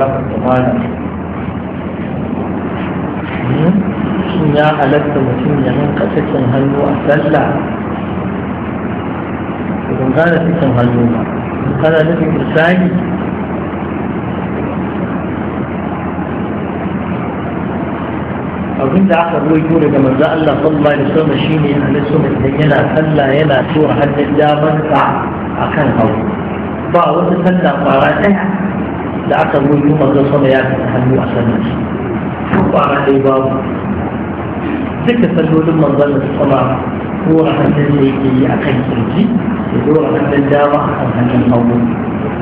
kafar tumana shin ya halatta mutum ya hanka cikin hannu a sallah kun gane cikin hannu ba kana nufin misali abin da aka ruwaito daga manzo Allah sallallahu alaihi wasallam shine Allah sama idan yana sallah yana tura hannun damansa akan hagu ba wata sallah fara ɗaya da aka rubuto manzon sama ya kan hannu a sallar shi ko kwara dai babu duka sallolin manzon sama ko a hannun da yake yi a kan kirji da dora hannun dama a kan hannun hagu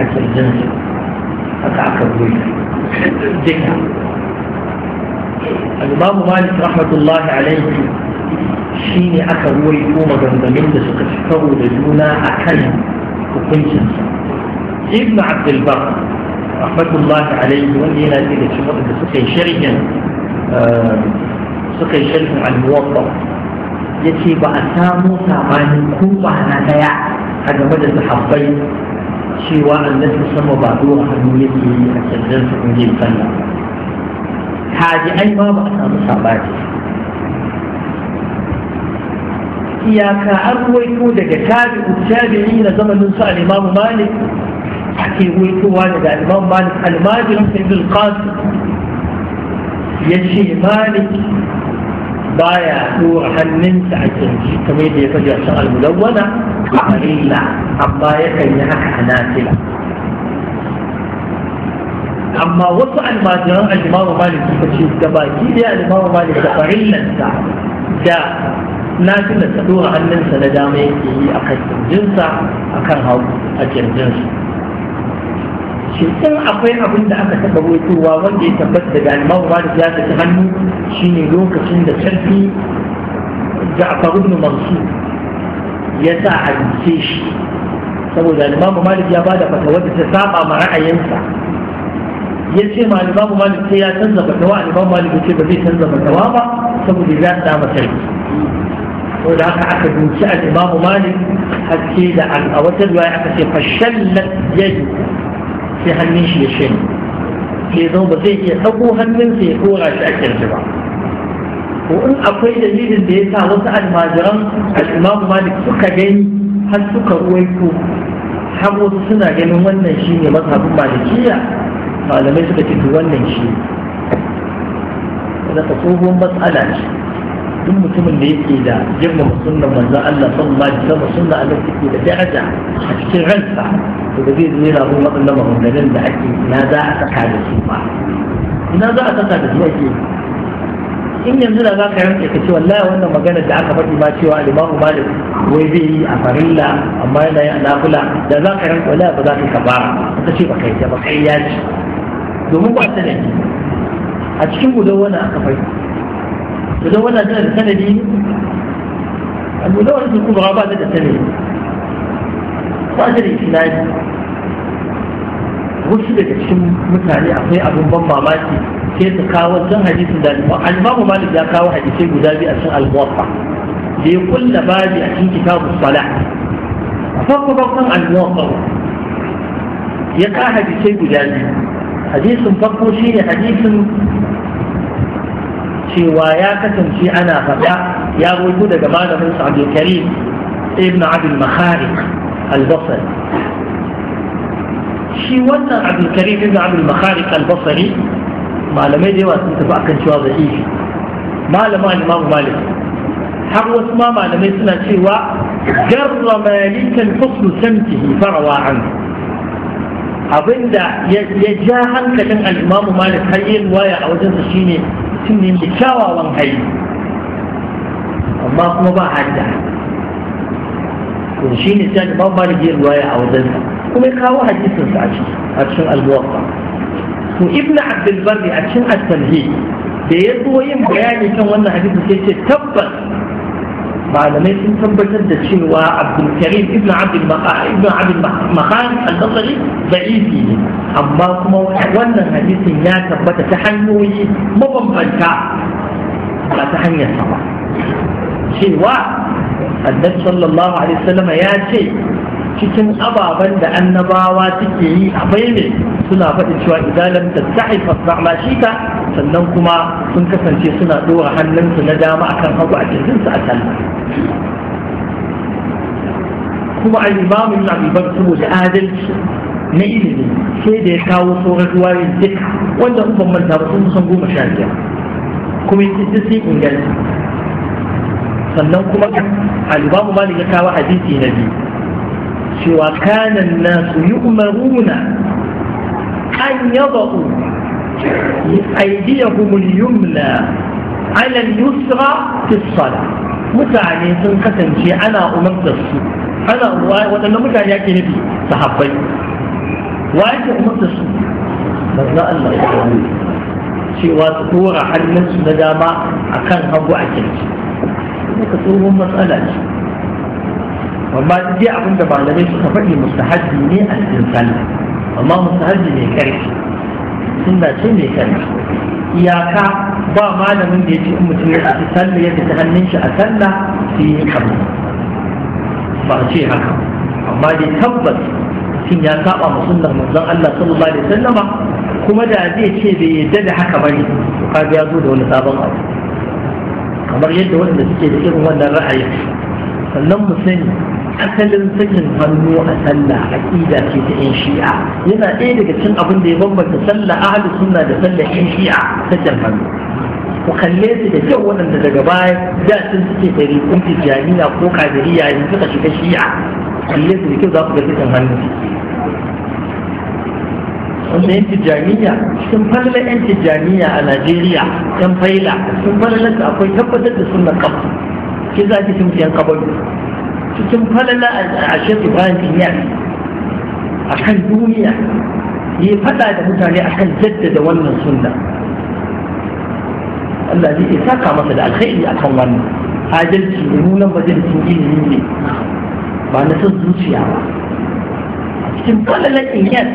a kirjin shi haka aka rubuta duka الإمام مالك رحمة الله عليه shi ne aka ruwaito maganganun da suka fi karo da juna a kan hukuncinsa ibn abdulbar رحمة الله عليه وإني إلى ذلك الشفر بسكي شركا آه، سكي شركا عن موطا يتي بأسا موسى عن الكوبة عن أتيع حتى مجد الحبين شواء الناس سموا بعدوها عن ميتي أتجزل في ميتي الفنة هذه أي ما بأسا موسى باتي يا كأبوي كودك كابئ التابعين زمن سأل إمام مالك حتى يقول شو والد الإمام مالك قال ما أدري ابن القاسم يجي مالك بايع نور هل من تعجل كميد يفجع شغل ملونة قليلا أما يكيناك حناتلا أما وصع المادرة الإمام مالك يفجي الدباجين يا الإمام مالك قليلا ساعة جاء لكن تدور أن ننسى لدامي أقدم جنسة أكره أجل جنسة shi in akwai abin da aka taɓa waitowa wanda ya tabbata daga alimamu malik ya tafi hannu shine lokacin da sarki ja'far ibn mansur ya sa a rubuce shi saboda alimamu malik ya bada fatawa da ta saba ma ra'ayinsa ya ce ma alimamu malik sai ya canza fatawa alimamu malik ya ce ba zai canza fatawa ba saboda ya sa sarki saboda haka aka dunci alimamu malik haske da a wata ruwa aka ce fashallat yadu sai hannun shi ya shanye sai zama ba zai iya ɗago hannunsa ya ɗora shi a kirji ba ko in akwai dalilin da ya sa wasu almajiran al'imamu malik suka gani har suka ruwaito har wasu suna ganin wannan shi ne mazhabin malikiya malamai suka ce to wannan shi da tsohon matsala ce duk mutumin da yake da girmama sunnan manzon Allah sallallahu alaihi wasallam sunna Allah take da daraja a cikin ransa to da zai yana bin waɗannan maganganun da ake na za a saka da su ba ina za a saka da su ake in yanzu da za ka yanke ka ce wallahi wannan maganar da aka faɗi ba cewa alimamu malik wai zai yi a farilla amma yana yi a nafula da za ka yanke wallahi ba za ka ka ba ka ce ba kai ta ba kai ya ce domin ba ta ne a cikin gudan wani aka fai gudan wani tana da sanadi a gudan wani sun kuma ba ta da sanadi ba ta da isnadi wasu daga cikin mutane akwai abin ban mamaki sai su kawo can hadisin da al-Imam Malik ya kawo hadisai guda biyu a cikin al-Muwatta da ya kulla babi a cikin kitabus salah farko farkon al-Muwatta ya ka hadisai guda biyu hadisin farko shine hadisin cewa ya kasance ana faɗa ya rubu daga malamin sa Abdul Karim ibn Abdul Makharik al-Basri shi wannan abin karim ibn abdul makharik al-basri malamai da yawa sun tafi akan cewa da'ifi malama imam malik har wasu ma malamai suna cewa jarra malikan husnu samtihi farawa an abinda ya ja hankalin al-imam malik har yin waya a wajen sa shine tunin da kyawawan hali amma kuma ba hadda to shine sai imam malik ya waya a wajen sa كوميكا واحد يسنس عشان عشان الموقع وابن عبد البر عشان التنهي بيرضو ويم بياني كان وانا حديث كيف تبت بعد ما يسن تبت الدشين وعبد الكريم ابن عبد المقام ابن عبد المقام البطري بعيدي اما كما وانا حديث يا تبت تحنوي مبن بنكا لا تحني الصباح شنو؟ واحد النبي صلى الله عليه وسلم يا شيخ cikin ababen da annabawa suke yi a ne suna faɗi cewa idan da tastahi fasma shika sannan kuma sun kasance suna ɗora hannunsu na dama akan hagu a kirjinsu a can kuma al-imam yi abubuwan bakr saboda adalci na ilimi sai da ya kawo sauran ruwayoyin duk wanda kuma manta ba sun san goma sha biyar kuma yake duk sai inganta sannan kuma al-imam malik ya kawo hadisi na biyu سوى كان الناس يؤمرون أن يضعوا أيديهم اليمنى على اليسرى في الصلاة متعني سن كتنشي أنا أمرت الصلاة أنا وأنا متعني أكي نبي صحابي وأنت أمرت الصلاة بس لا الله يعلم سوى تطور حنس ندامة أكان هبو أكي نبي تطور مسألة جي. amma duk abin da malamai suka faɗi mustahabi ne a cikin sallah amma mustahabi ne karfi sunna ce mai karfi iyaka ba malamin da ya ce in mutum ya tafi sallah ya tafi hannun shi a sallah sai yi kamu ba ce haka amma dai tabbas mutum ya saba ma sunnar manzon Allah sallallahu alaihi wasallama kuma da zai ce bai yadda da haka bane to kaga ya zo da wani sabon abu kamar yadda wanda suke da irin wannan ra'ayin sannan mu sani asalin sakin hannu a sallah aqida ce ta yan shi'a yana ɗaya daga cikin abin da ya bambanta sallah ahlus sunna da sallah yan shi'a sakin hannu ku kalle su da kyau waɗanda daga baya da sun suke dari kun jami'a ko kadiriya in suka shiga shi'a kalle su da kyau za ku ga sakin hannu wanda yan tijjaniya sun falla yan tijjaniya a najeriya yan faila sun falla akwai tabbatar da sunan kafa "Ki za ki sun yan kabalu cikin falala a shek ibrahim inyar a kan duniya ya faɗa da mutane a kan jaddada wannan sunna Allah zai iya saka masa da alkhairi a kan wannan adalci da nunan majalisun ilimi ne ba na son zuciya ba a cikin in inyar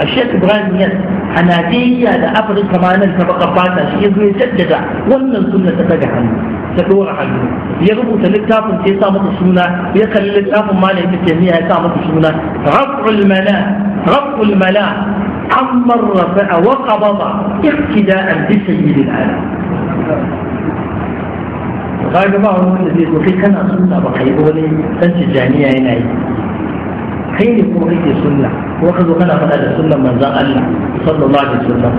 a shek ibrahim inyar a najeriya da afirka ma nan ta baka fata shi ya zo ya jaddada wannan sunna ta daga hannu ta dora hannu ya rubuta littafin sai ya sa masa suna ya kalli littafin malam ibn taymiya ya sa masa suna raf'ul mala raf'ul mala amma rafa'a wa qabada iqtida'an bi sayyidil alam kaga ba wani wanda zai zo kai kana sunna ba kai wani dan tijaniya yana yi kai ne kuma kake sunna kuma ka zo kana faɗa da sunnan manzon Allah sallallahu alaihi wasallam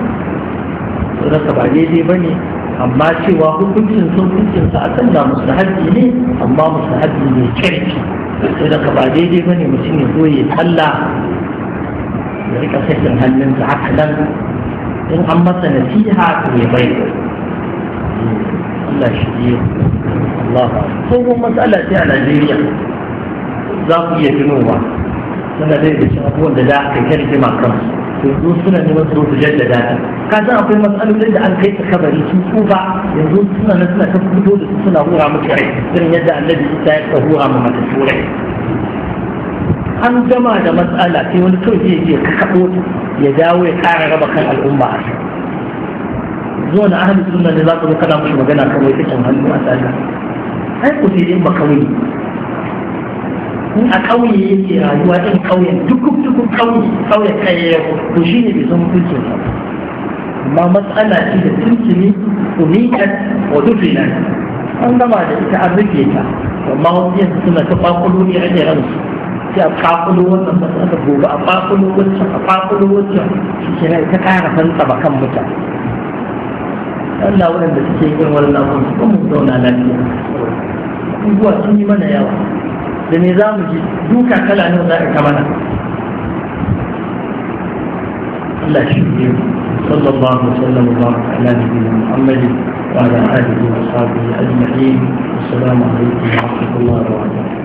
to ka ba daidai bane amma cewa hukuncin sun hukuncin a kan da mustahabi ne amma mustahabi ne kirki sai da ba daidai bane mutum ya zo ya tsalla ya rika sakin hannunsa haka nan in an masa nasiha to ya bai Allah shi ne Allah ko kuma matsala ce a Najeriya za ku iya tunowa suna da cikin abubuwan da za ka kirkima kansu يقول سنة نمسلو تجددا قادة أقول مسألة لدى أن كيف خبري تنسوبة يقول سنة نسمع تفكتو لسنة هو عم تعيش سنة يدى الذي يتعيش هو عم تسوري أن جماعة مسألة في ونكو هي هي كحبوت يداوي أعرب خل الأمة زون أهل سنة نلاقي بقنا مش مجانا كويتك أنا أقول سنة نمسلو تجددا أي قتيل إما in a ƙauye yake rayuwa ɗin ƙauyen dukkan dukkan ƙauye ƙauye kayayyar ko shi ne bai san hukuncin ba amma matsala ce da tuntuni umikat wa dufinan an gama da ita an rufe ta amma wasu yanzu suna ta kwakwalo ne ake su, sai a kwakwalo wannan masu gobe a kwakwalo wancan a kwakwalo wancan shi ke nan ta kara fanta ba kan mutane Allah waɗanda suke yin wannan abun su kuma zauna lafiya abubuwa sun yi mana yawa da me za mu ji duka kala nawa za ka mana Allah shi ne sallallahu alaihi wasallam wa ala nabiyina Muhammad wa ala alihi wa sahbihi ajma'in assalamu alaikum wa rahmatullahi wa barakatuh